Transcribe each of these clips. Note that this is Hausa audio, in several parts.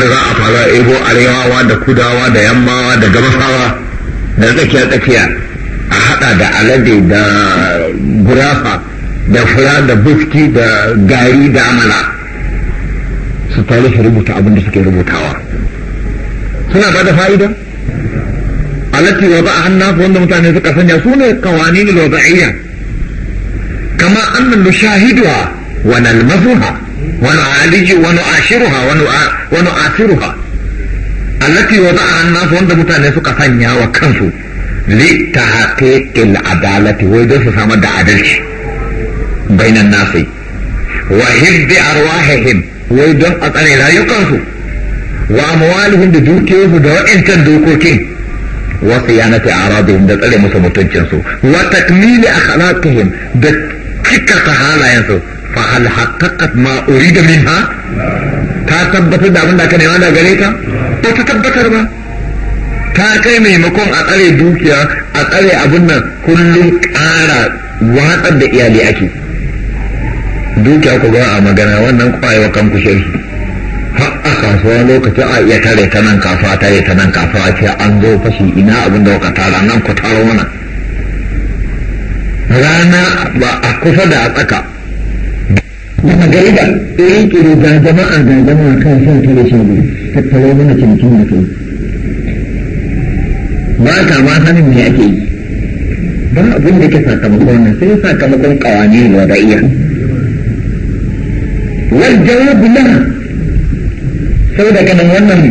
wanda za a fara ebo arewawa da kudawa da yammawa da gabasawa da tsakiyar tsakiya a hada da alade da gurafa da fura da buski da gari da amala su tare su rubuta abin da suke rubutawa suna ba da fa'ida alati wa ba hannafu wanda mutane suka sanya su ne kawanin lozaiya kama annan lushahidwa wa nalmazuha ونعالج ونعاشرها ونعاصرها التي وضعها الناس وند متاني سكا سنيا وكنسو لتحقيق العدالة ويدوس سامد عدلش بين الناس وحفظ أرواحهم ويدون أطري لا يكنسو وأموالهم بدوكيهم دوئن تندوكوكين وصيانة أعراضهم دلالي مسمتنشنسو وتكميل أخلاقهم دلالي cikata halayensu fa hal haqqaqat ma urida minha ta tabbatar da abin ka nema da gare ta ba ta tabbatar ba ta kai maimakon a tsare dukiya a tsare abin nan kullum ƙara watsar da iyali ake dukiya ku ga a magana wannan wa kan kushe har a kasuwa lokacin a iya tare ta nan kasuwa tare ta nan a ce an zo fashi ina abin da tara nan ku taro mana rana ba a kusa da a tsaka daga gariba irin kiri ga jama'a ga jama'a kan shan tare shan biyu tattalo mana cikin da kai ba ta ma sanin me ake yi ba abin da ke sakamakon nan sai sakamakon kawani ne da iya wal jawabu Sau da kanan wannan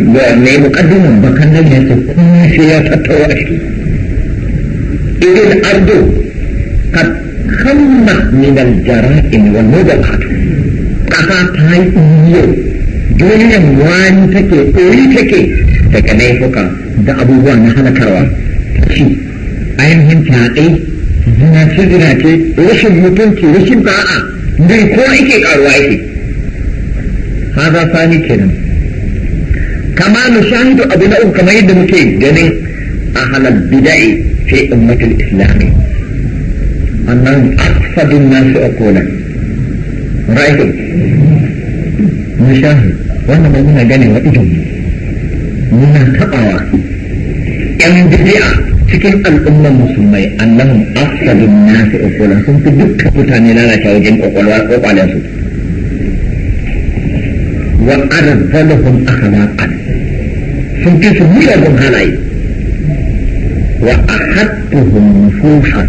mai mukaddimin bakan nan ya ce kuma sai ya tattawa shi irin ardo قد خمت من الجرائم والموضوعات قطع تاي إيو دنيا وان تكي أوي تكي تكني فوقا دا أبو وان نحن كروا شي أين هم تاقي zinace zinace rashin mutunci rashin ba'a bai ko ake karuwa yake haza sani kenan kama mu shahidu abu na uku kamar yadda muke ganin a halar bida'i fi ummatul أنهم أقصد الناس عقولا رأيتم مشاهد وأنا مؤمنة جاني وإجم من تقوى يعني بدعة cikin al'ummar musulmai annahum afsadun nasi uqulan sun fi dukkan mutane lalata wajen kwakwalwa kwakwalen su wa arzalahum akhlaqan sun fi su miyagun halaye wa ahadduhum nufusan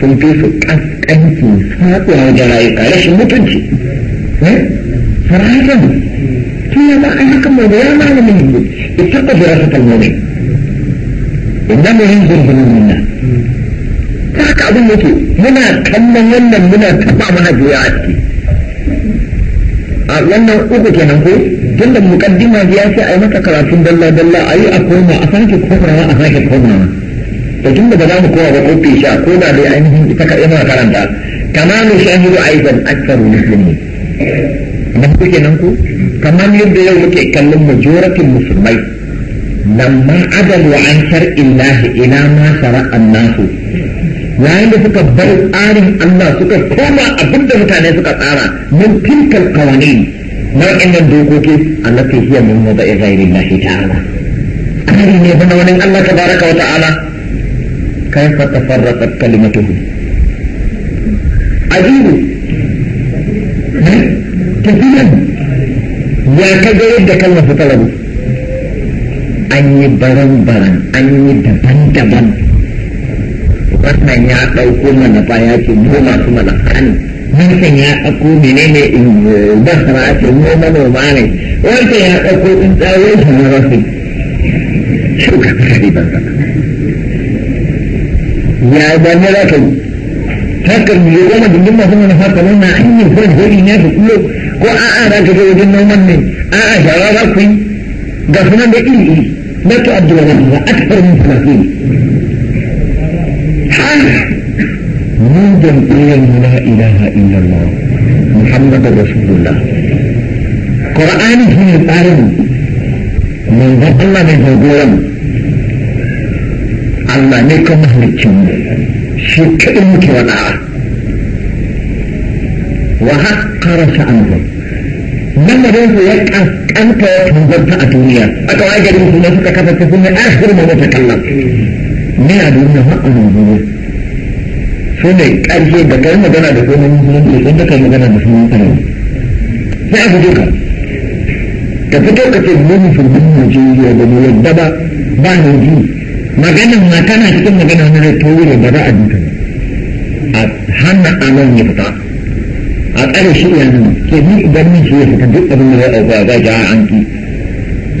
sun fi su ƙasƙanci saƙuwar da rayuka rashin mutunci saratan eh? tun ba a haka mai da ya mai hindu ita ta jira su kalmomi inda mai yin zurgunan nuna ta haka abin yake muna kallon wannan muna taɓa mana juya a ciki a wannan uku kenan ko tun da mukaddima ya sai a yi mata karatun dalla-dalla a yi a koma a sake komawa a sake komawa to tun da ba za mu ba ko fisha ko da dai ainihin ita ka yana karanta tamamu shahidu aidan aksaru muslimi kuke nan ku kamar yadda yau muke kallon majoratin musulmai lamma adal wa an shar'illahi ila ma shara'an yayin da suka bar tsarin Allah suka koma abinda mutane suka tsara min tilkal qawanin nau'in nan dokoki allati hiya min wada'i ghairi ta'ala tsari ne bana wani Allah tabaraka wa ta'ala كيف تفرقت كلمته عجيب كثيرا يا كجيد كلمة طلبه an yi baran-baran an yi daban-daban wannan ya ɗauko malafa ya ce ne wancan ya ɗauko menene basara ya ce mu manoma ne wancan ya ɗauko in tsawon shi na rafin shuka ta ribar ya zane za ka yi haka ne goma dindin masu manufa nan na an yi furin hori ne su kulo ko a'a za ka je wajen noman ne a'a shara za ku yi ga sunan da iri iri na tu abdul wani ba a tafar min sanafi ha mu jam'iyyar la ilaha illallah muhammadu rasulullah qur'ani shi tsarin manzon Allah ne jagoran Allah ne kuma halicin mu shi kaɗin muke wa ɗa'a wa haƙƙara nan da su ya ƙanta ya tunzanta a duniya kawai a gari musulmai suka kasance suna ne akhir mu mata kallon ne a duniya ma a nan duniya su ne ƙarshe da kai magana da sunan musulunci sun da kai magana da sunan arewa sai a fito ka ka fito ka ce mun musulmin Najeriya da mu yadda ba ba Najeriya maganin ma tana cikin magana wani zai tauri ba za a duka ba a hana aman ya fita a tsare shi ya nuna ke ni idan min shi ya fita duk abin da ya zai auka ga ja an ki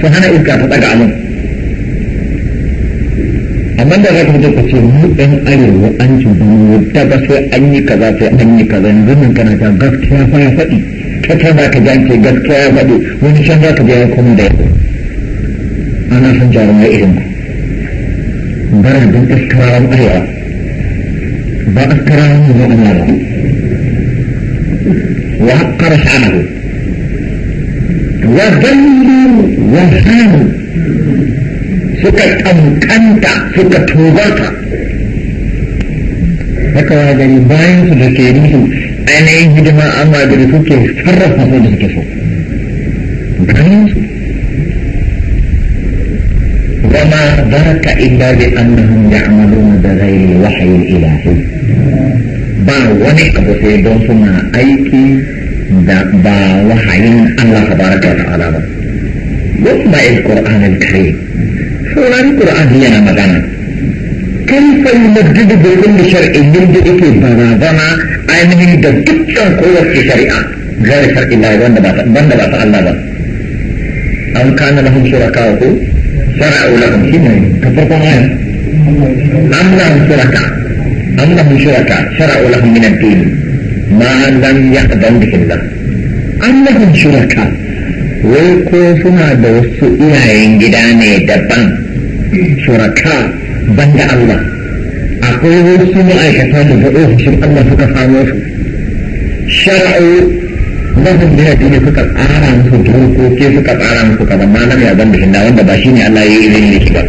su hana iska ta daga aman amma da za ka fita ka ce mu ɗan arewa an ci duniya ta ba sai an yi kaza sai an yi kaza yanzu nan kana ta gaskiya fa ya faɗi ta ta za ka jance gaskiya ya faɗi wani shan za ka je ya kuma da ya ana son jarumai irin ku darajin askarawan arewa ba askarawan mu ma'ana ba haƙƙara sha'anahu wa zallu wa sanu suka ƙanƙanta suka tobata haka wa gari bayan su da ke musu ainihin hidima amma da suke sarrafa su da suke so bayan su وما ذاك إلا بأنهم يعملون بغير وحي الإلهي با وني أبو سيدون سنا أيكي با وحيين الله تبارك وتعالى يسمع القرآن الكريم سورة القرآن هي مغانا كيف يمدد بكل شرع يمدد في برادنا أنه دكتا قوة شريعة غير شرع الله وندبات الله أم كان لهم شركاء shara'u lahum shine ka farkon aya am shuraka am lahum shuraka shara'u lahum min ad-din ma lam ya'dan bihi Allah am wai ko suna da wasu iyayen gida ne daban shuraka banda Allah akwai wasu ma'aikata da faɗo Allah suka samo su shara'u mazan da yaji ne suka tsara musu dokoki suka tsara musu kaza malam ya zan da bihin wanda ba shi ne Allah ya yi ne yake ba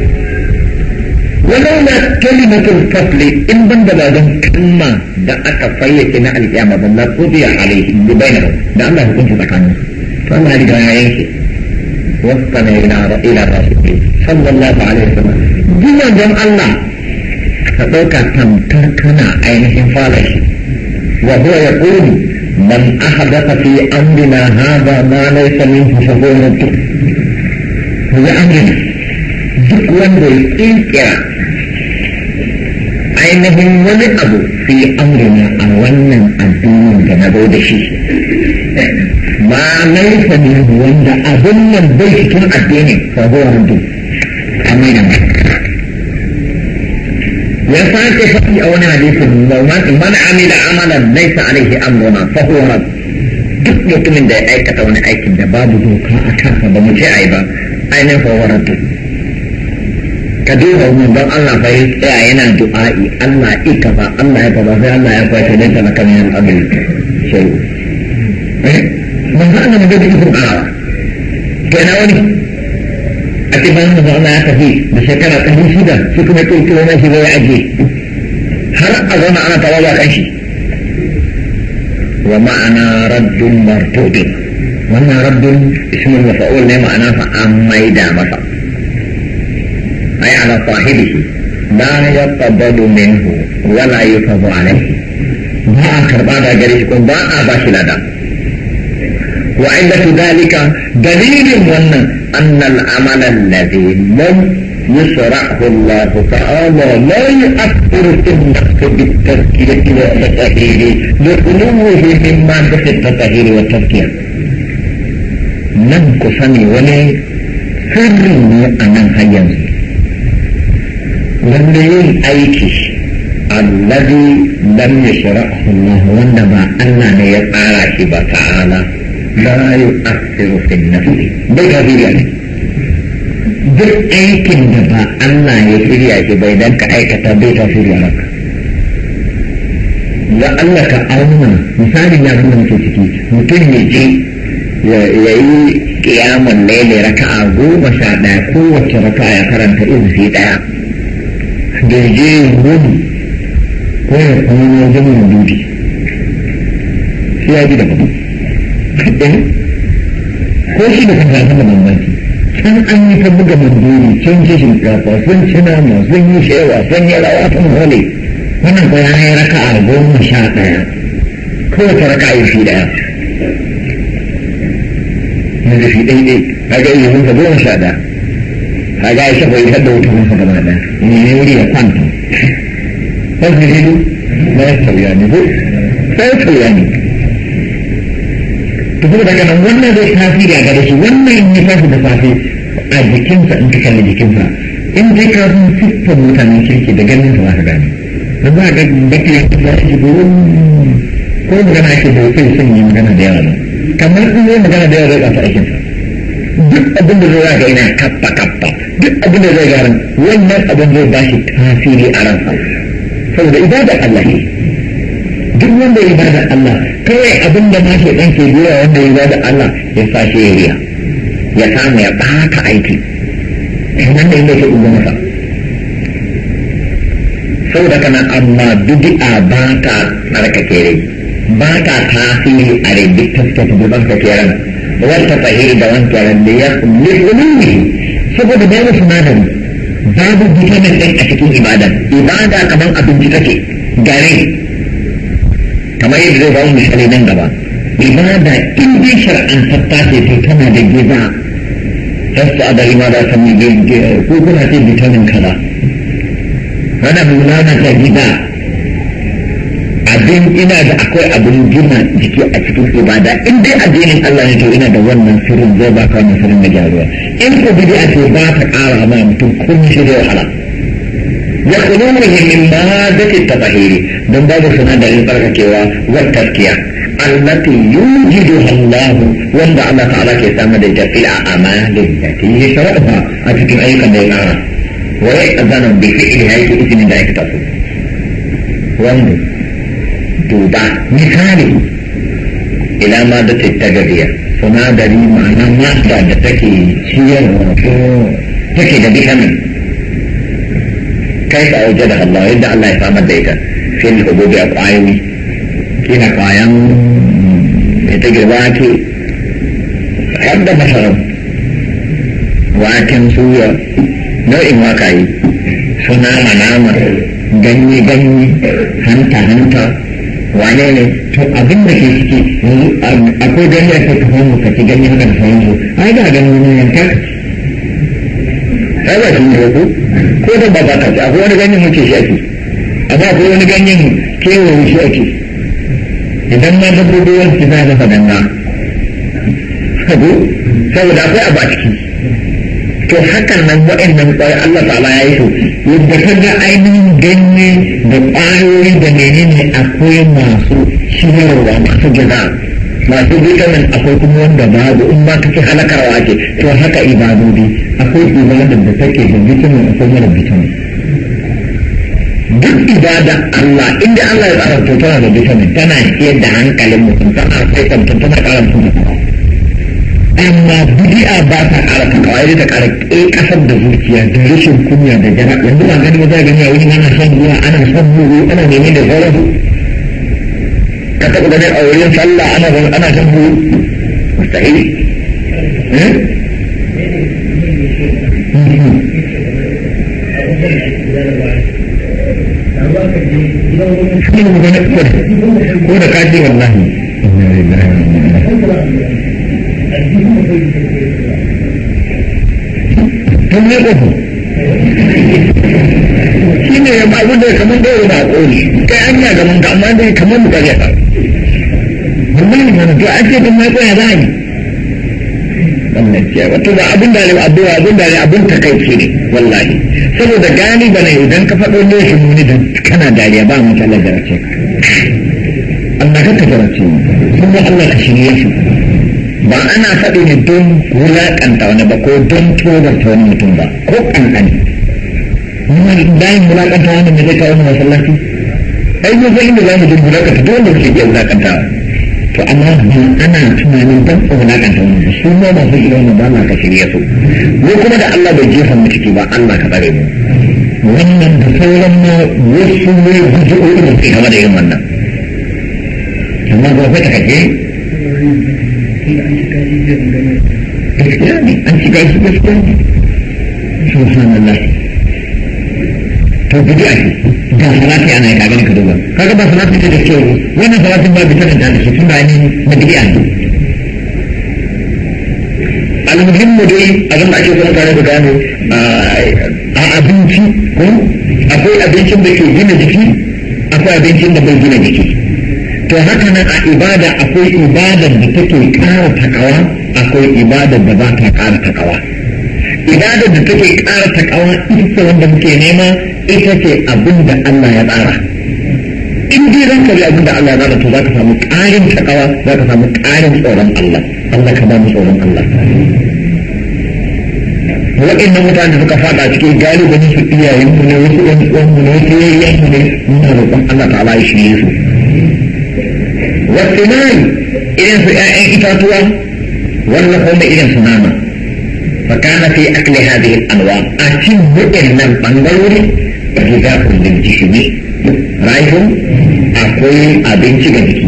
walaula kalimatul fasli in ban da bazan kalma da aka fayyace na alƙiyama ban la qudiya alaihim bi bainahum da Allah hukunci tsakanin to Allah ya riga ya yanke wasana ila ila rasulih sallallahu alaihi wasallam jiya dan Allah ka dauka tamtar kana ainihin fara shi wa huwa yaqulu من أحدث في أمرنا هذا ما ليس منه فهو مبتدع هو أمرنا duk wanda ya ƙirƙira ainihin wani abu fi amrina a wannan addinin da na da shi ma laifa wanda abin nan bai cikin addinin fa amina ya sake faɗi a wani hadisin man amila amalan laisa alaihi amruna fa huwa rad duk mutumin da ya aikata wani aikin da babu doka a kansa ba mu ce ai ba ainihin fa huwa ka duba mun don Allah fa tsaya yana du'a'i Allah ika ba Allah ya kaza sai Allah ya kwace dan ta kan yan abin shi eh ba za a da ikon Allah kenan wani a ce bayan manzo Allah ya tafi da shekara ɗari shida shi kuma ajiye har a zauna kan shi wa ma'ana raddun martudin wannan raddun ismul oh, mafa'ul ne ma'ana fa an maida masa ay ala sahibihi la yaqbalu minhu wa la yufadu alayhi ba a karba da gare shi ko ba a lada wa illatu dalika dalilin wannan أن العمل الذي لم يشرعه الله تعالى لا يؤثر في النفس بالتزكية والتطهير لغلوه من مادة التطهير والتزكية لم كسني ولي سر أنا هيا لم أيكش الذي لم يشرعه الله وانما أنني يقارك تعالى la yu'athiru fi nafi bai ka shirya ne duk aikin da ba Allah ya shirya shi bai dan ka aikata bai ka shirya maka da Allah ka auna misalin ya zama mutum ciki mutum ya je ya yi kiyamun laili raka'a goma sha ɗaya kowace raka'a ya karanta sai ɗaya da je gudu ko ya kuma jami'in dubi sai ya ji da gudu ko shi da kanka da bambanci can an yi ta buga mandori can ci shinkafa sun ci sun yi shewa sun yi rawa sun hole wannan ko ya yi raka a goma sha ɗaya raka ɗaya hunka goma sha ɗaya shafa yi hadda wuta hunka gaba ɗaya ne ne wuri ya kwanta ne ne kuma daga nan wannan zai tasiri a gare shi wannan ya tashi da safe a jikinsa in ka kalli jikinsa in dai ka san siffar mutanen kirki da ganin da za ka gane da za ka baki ya ta shi gurin ko magana ake da sai sun yi magana da yawa kamar in yi magana da yawa zai kasa aikinsa duk abin da zai ga ina kappa kappa duk abin da zai garan wannan abin zai ba shi tasiri a ransa saboda ibada Allah ne duk wanda ibada Allah kawai abin da ma ke ɗan ke biya wanda ya da Allah ya sa shi ya biya ya samu ya ɓata aiki nan da inda ke ugu masa saboda kana amma bid'a ba ta tsarkake kere ba ta tasiri a rai duk taskata da ban wata fahiri da wanke ran da ya musulmi saboda babu sinadari babu vitamin ɗin a cikin ibada ibada kamar abinci take gare kamar yadda zai ba misali nan gaba ibada in dai shar'an hatta ce to tana da giza hasta a dari ma ta san mi ko kuna ce bitamin kaza ana munana ta gida abin ina da akwai abin gina jiki a cikin ibada in dai addinin Allah ne to ina da wannan sirrin zai baka wannan sirrin na gyaruwa in ko a ce ba ta kara ma mutum kun shirya wahala da kulunihi min madati tabahiri don da sinadarin tsarkakewa wa taskiya allati yujiduha Allah wanda Allah ta'ala ke samu da ita a a'malin yi yashra'uha a cikin ayyukan da ya kara wa ya'zanu bi fi'liha yake izinin da ya tafi wanda duba misali ila madati tagadiya sinadari ma'ana mata da take ciyarwa ko take da bihanin kai ka auje da Allah yadda Allah ya samar da ita fil hububi a kwayoyi kina kwayan ita girba ke har da masarar waken suya nau'in wakayi suna nama ganye ganye hanta hanta wane ne to abin da ke ciki akwai ganye a kai ka samu ka ci ganye haka da sauransu ai ga ganin yanka. ai ba shi ne ba ko ko da ba ta ci akwai wani ganyen muke shi ake amma akwai wani ganyen kewaye shi ake idan ta dabbobi wani ci za ka fadanga kago saboda akwai abu a ciki to hakan nan waɗannan ƙwai Allah ta'ala ya yi su yadda ka ga ainihin ganye da ƙwayoyi da menene akwai masu shirarwa masu jaza masu vitamin akwai kuma wanda babu in ta kake halakarwa ake to haka ibadodi akwai ibadar da take da vitamin akwai mara vitamin duk ibada Allah inda Allah ya tsara to tana da vitamin tana siyar da hankalin mutum tana sai mutum tana ƙara mutum amma bid'a ba ta ƙara kawai da ƙara ƙasar da zuciya da rashin kunya da jana yanzu ba gani ba za gani a wani ana son ruwa ana son ruwa ana neman da sauransu ka taɓa ganin a wurin sallah ana zan ana kan hu ko da wallahi tun ne shi ne ya ba abin da kamar da kai an yi gaban ka amma dai kamar mu mun mana to an ce kuma tsaya za ni wannan ce wato da abin da ne addu'a abin da ne abin takaici ne wallahi saboda galiba ne idan ka faɗo ne shi muni da kana dariya ba mu kallon da race Allah ka tafarace kuma Allah ka shirye shi ba ana faɗi ne don wulaƙanta wani ba ko don tozarta wani mutum ba ko ƙanƙani bayan wulaƙanta wani mai zai kawo masallaci ai mu zai inda za mu jin wulaƙanta dole mu ke iya wulaƙantawa to amma ba ana tunanin dan tsawon kan ta wani su ma masu irin mu ba ma ka shirya su mu kuma da Allah bai jefa mu ciki ba Allah ka tsare mu wannan da sauran mu wasu ne hujjoji da suke game da yin wannan amma ba ka kaje gaskiya ne an shiga shi gaskiya ne subhanallah to a ce ga salati ana ka gani ka duba kaga ba salati ce da kyau wannan salatin ba bisa da shi tun da ni na bidiya ne almuhimmu dai abin da ake son tare da gane a abinci ko akwai abincin da ke gina jiki akwai abincin da bai gina jiki to haka nan a ibada akwai ibadar da take ƙara takawa akwai ibadar da ba ta ƙara takawa ibadar da take ƙara takawa ita wanda muke nema ita ce abin da Allah ya tsara in dai zan ka bi abin da Allah ya tsara to za ka samu ƙarin takawa za ka samu ƙarin tsoron Allah Allah ka ba mu tsoron Allah waɗannan mutane da suka faɗa cikin galibin su iyayen mu ne wasu ɗan uwan mu ne wasu yayyen mu ne muna roƙon Allah ta'ala ya shirye su wasu nan irin su 'ya'yan itatuwa wannan kuma irin su nama فكان في أكل هذه الأنواع أتم إلا البنغلوري gida kullum gishiri rayu akwai abinci ga jiki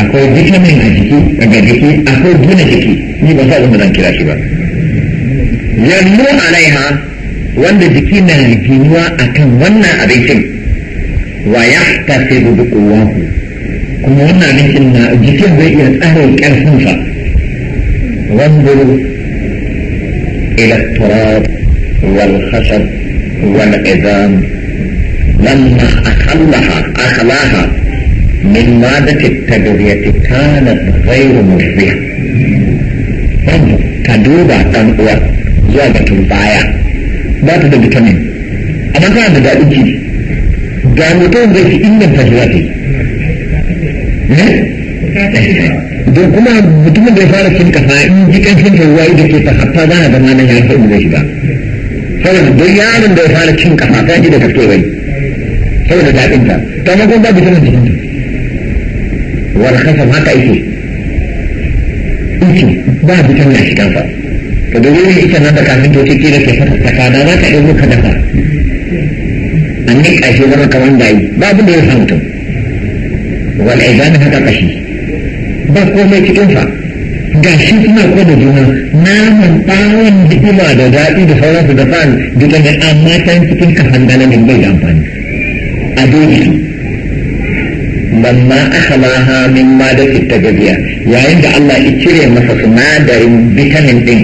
akwai vitamin a jiki ga jiki akwai gina jiki ni ba sa zan kira shi ba yanzu alaiha wanda jiki na ginuwa akan wannan abincin wa ya tafi da kuwahu kuma wannan abincin na jikin zai iya tsare karfinsa wanzuru ila turab wal khasab والعظام لما أخلها أخلاها من مادة التجزية كانت غير مشبهة كدوبة تنقوى زوجة البايع ذات الفيتامين أما كان هذا الجيل جامدون زي في إنجل تجربتي don kuma mutumin da ya fara cin kasa in ji kanshin ruwa da ke ta hatta za a zama nan ya fi da shi ba saboda duk yaron da ya fara cin kafa ta ji da gaske bai saboda daɗin ta ta ma kuma babu jinin jikin ta wani kasam haka yake yake ba bitan na shigan fa ka da wuri ita nan da kafin to ciki da ke fata tsakana za ka ɗauko ka dafa an yi ƙashe zama kamar da yi ba babu da ya samu ta to wal aidan haka ƙashi ba komai cikin fa ga shi suna ko da juna naman ɓawon ni'ima da daɗi da sauransu da fa'an duka ne amma can cikin kafan galamin bai da amfani a dole lamma akhalaha min ma da ta gajiya yayin da Allah ya cire masa sinadarin vitamin din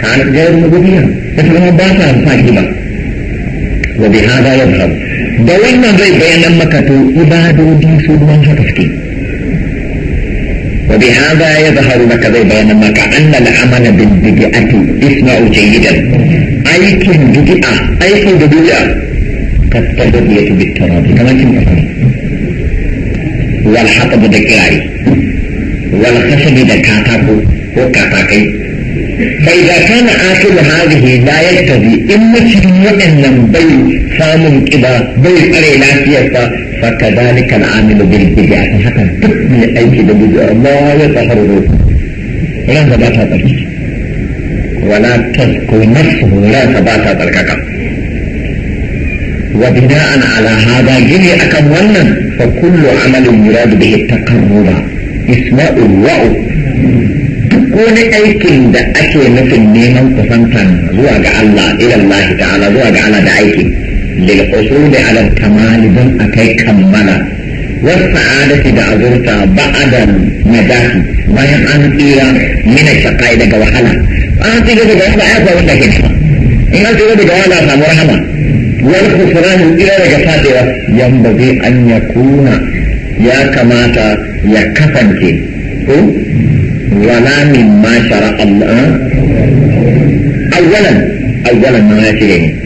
kan gairu gudiya da kuma ba sa amfani ba wa bi hada yadhhab da wannan zai bayyana maka to ibadodi su ruwan haka suke وبهذا يظهر لك بيان ما كأن العمل بالبدعة اسمع جيدا أي أيكن بدعة أيكن بدعة كالتربية بالتراضي كما تنفعني والحطب دكاري والخشب دكاتاكو وكاتاكي فإذا كان آكل هذه لا يقتضي إما مسلم أن بي فامن كذا بي أري لا suka dalikan ni kan amina bai bi a ka haka duk ne aiki da bi da la yaushe har da yau ranar ba ta tsaki. wala tos ko na fahimtar ranar ba tsarkaka. wadana ana alaha ba jiri a wannan ba kullum amalin muradu da ta karnuba. wau duk wani aikin da ake nufin neman kafantan zuwa ga allah illa ta'ala zuwa ga allah da aiki للحصول على الكمال دون أكي كمالا والسعادة إذا أزرت بعد النجاح بين أن إلى من الشقاء إذا وحلا أنت إذا جوحلا أعطى ولا كنفا إن أنت إذا جوحلا فمرحمة والخسران إلى رجفاتها ينبغي أن يكون يا كماتا يا كفنك ولا مما شرع الله أولا أولا ما يشيء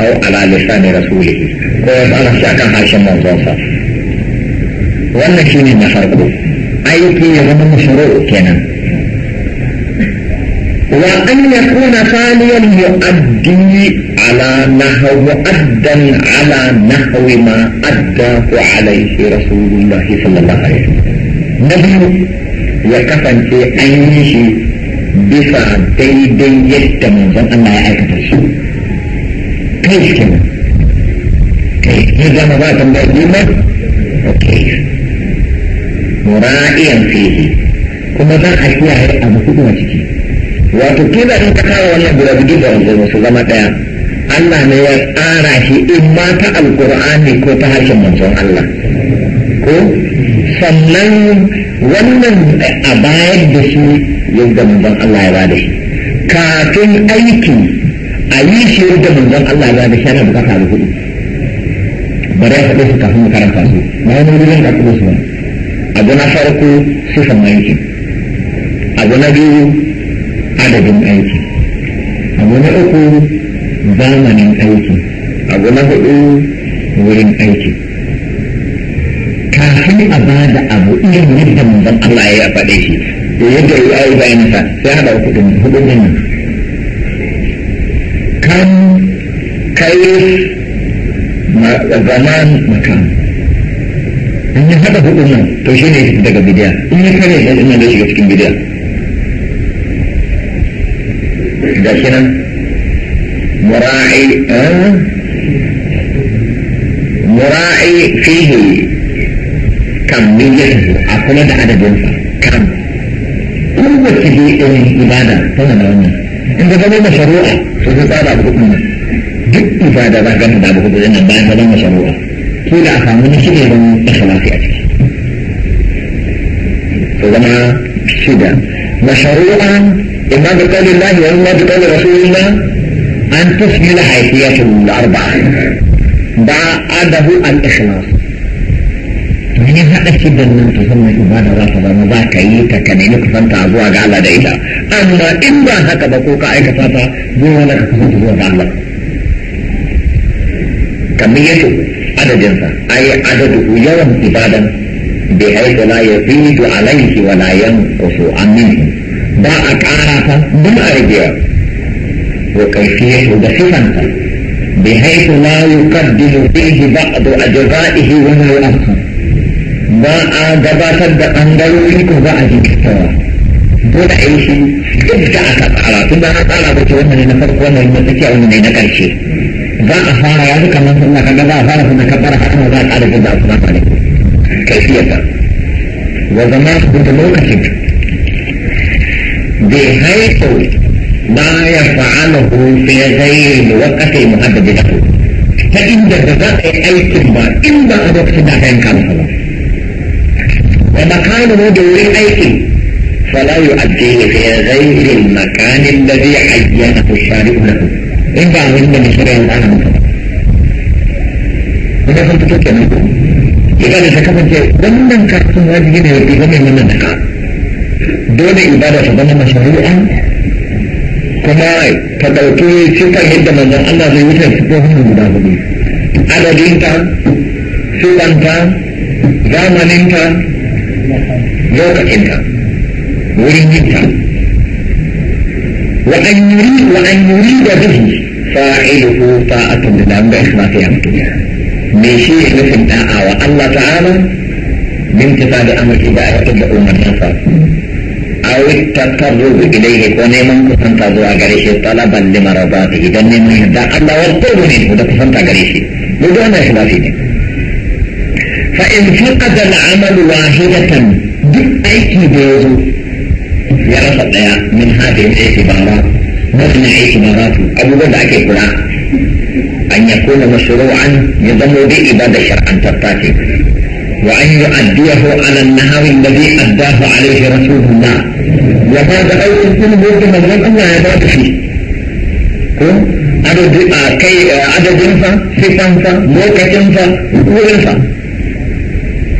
أو على لسان رسوله ويسأل الشعكا حاشم وانظوصا وانا شيني نحركو أيكي يغنم شروع كنا وأن يكون ثانيا يؤدي على نحو مؤدا على نحو ما أداه عليه رسول الله صلى الله عليه وسلم نبي يكفن في أي شيء بفا ديدي يتمنى أن لا يعرف الشيء ليش كمان كيف إذا مضات مقدمة وكيف مراعيا فيه kuma zan a kiyaye abu hudu a ciki wato kila in ka kawo wannan guda biyu da wanzu su zama ɗaya Allah ne ya tsara shi in ma ta alkur'ani ko ta harshen manzon Allah ko sannan wannan a bayar da shi yadda Allah ya ba da shi kafin aiki a yi shi da manzon Allah ya shi shari'a bukata da kuɗi bari ya faɗe su kafin makaranta su Na wani wurin da kuma su ba abu na farko sifan aiki abu na biyu adadin aiki abu na uku zamanin aiki abu na hudu wurin aiki kafin a ba da abu irin yadda manzon Allah ya faɗe shi yadda ya yi bayanansa sai haɗa kuɗin hudun nan kan كيف زمان مكان in ya haɗa hudu nan to shi ne daga bidiya in ya kare ya zama da shiga cikin bidiya da shi nan mura'i mura'i eh? fihi kammiyyar a kula da adadinsa kan kowace bi'in ibada tana da wannan in ka zama masharu'a sai ka tsara abu kuɗin duk ibada za ka da abu kuɗin nan bayan ka zama masharu'a kila a samu na shi ne zama ikhlasi a ciki to zama shida masharu'a imma bi qawli Allah wa imma bi qawli Rasulillah an tusmila hayfiyatul arba'a ba adabu al-ikhlas in ya haɗa shi da nan to sannan ibada za ta zama za ka yi ta ka nemi kusanta zuwa ga Allah da ita amma in ba haka ba ko ka aikata ta zuwa wani ka kusanta zuwa ga Allah kamar yato adadinsa ai adadu yawan ibadan bai haifu la ya fi yi alaihi wa la yan kusu amin ba a ƙara ta ba a ragewa wa kaifiyatu da sifanta بحيث لا يقدم ba بعض أجزائه ولا يؤخر ba a gabatar da ɓangarori ko ba a jinkirtawa dole a yi shi duk da aka tsara tun da aka tsara ba ce wannan ne na farko wannan ne na tsakiya wannan ne na ƙarshe za a fara ya zuka nan sunna kaga za a fara sunna kabbara haka ma za a ƙara jin a kuma ba ne kaifiyarsa wa zama su da lokacin bai haifo ma ya fa'alahu fi ghairi waqti da ku ta inda da za a yi aikin ba in ba a lokacin da aka yanka ba ومكانه دوري أيكم فلا يؤديه في غير المكان الذي عينه الشارع له إن بعض من الشرع الآن Ina kan fito kenan ko? Ina da ta kamance wannan kafin wajen gina yadda game da nan ta Dole ibada ta zama mashari'a kuma ta ɗauki cikin yadda manzan Allah zai wuce su ko hannun guda hudu. Adadinta, sunanta, zamaninta, lokacinta wurin yinta wa an yuri wa an yuri da bihi fa'iluhu ta'atun da nan da ikhlasi ya mutu me shi ya nufin da'a wa Allah ta'ala min tisabi amri da ayatul da umarnin sa aw tatarrub ilayhi ko neman kusanta zuwa gare shi talaban limaradati idan neman yadda فإن فقد العمل واحدة بأيكي بيزو يا رفض من هذه الاعتبارات مثل اعتبارات أبو بند أكي قراء أن يكون مشروعا يضم بإبادة شرعا تتاتي وأن يؤديه على النهار الذي أداه عليه رسول الله وهذا أول يكون بوجه مظلم أن يبات فيه عدد كي عدد صفا صفا موقع صفا ورفا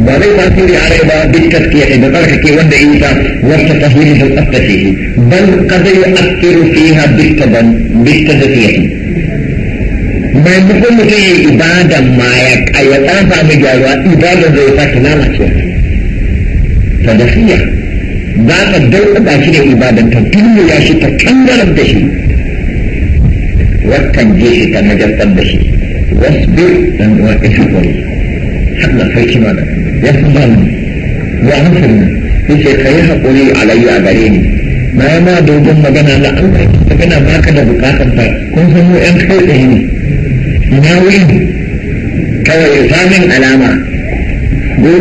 ba zai tasiri a rai ba duk taskiya da ke wanda in ta wata tahiri da tsaftace shi bal kada yi asiru fiha ta ban ta da fiye mai mutum mutum ya ibadan ma ya tsafa mai gyaruwa ibadan zai sake lalacewa ta da fiye za ka dauɗaɗa shi da ibadan ta ya shi ta kangarar da shi wakan je shi ta nagartar da shi wasbir dan uwa ka shi Allah sarki mana ya san ba mu ya hankali ne sai ka yi haƙuri alayya a gare ni na yi ma dogon magana na an kai magana ba ka da bukatar ta kun san mu ƴan kai tsaye ne na wuri kawai samun alama ko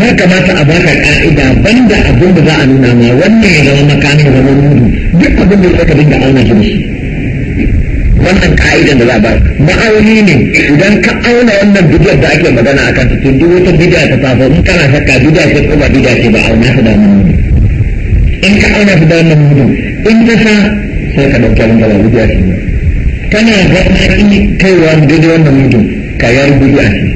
ya kamata a baka ka'ida banda abin da za a nuna ma wannan ya zama makamin zaman mudu duk abin da ya saka dinga auna shi da shi wannan ka'idan da za ba ma'auni ne idan ka auna wannan bidiyar da ake magana a kan cikin duk wata bidiya ta tafa in kana shakka bidiya ce ko ba bidiya ce ba auna su da wannan mudu in ka auna su da wannan mudu in ta sa sai ka dauki abin da ba bidiya ce ba kana ga ma'auni kaiwa daidai wannan mudu ka yar bidiya ce